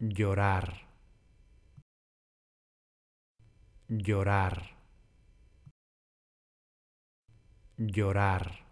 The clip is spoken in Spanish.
llorar, llorar, llorar.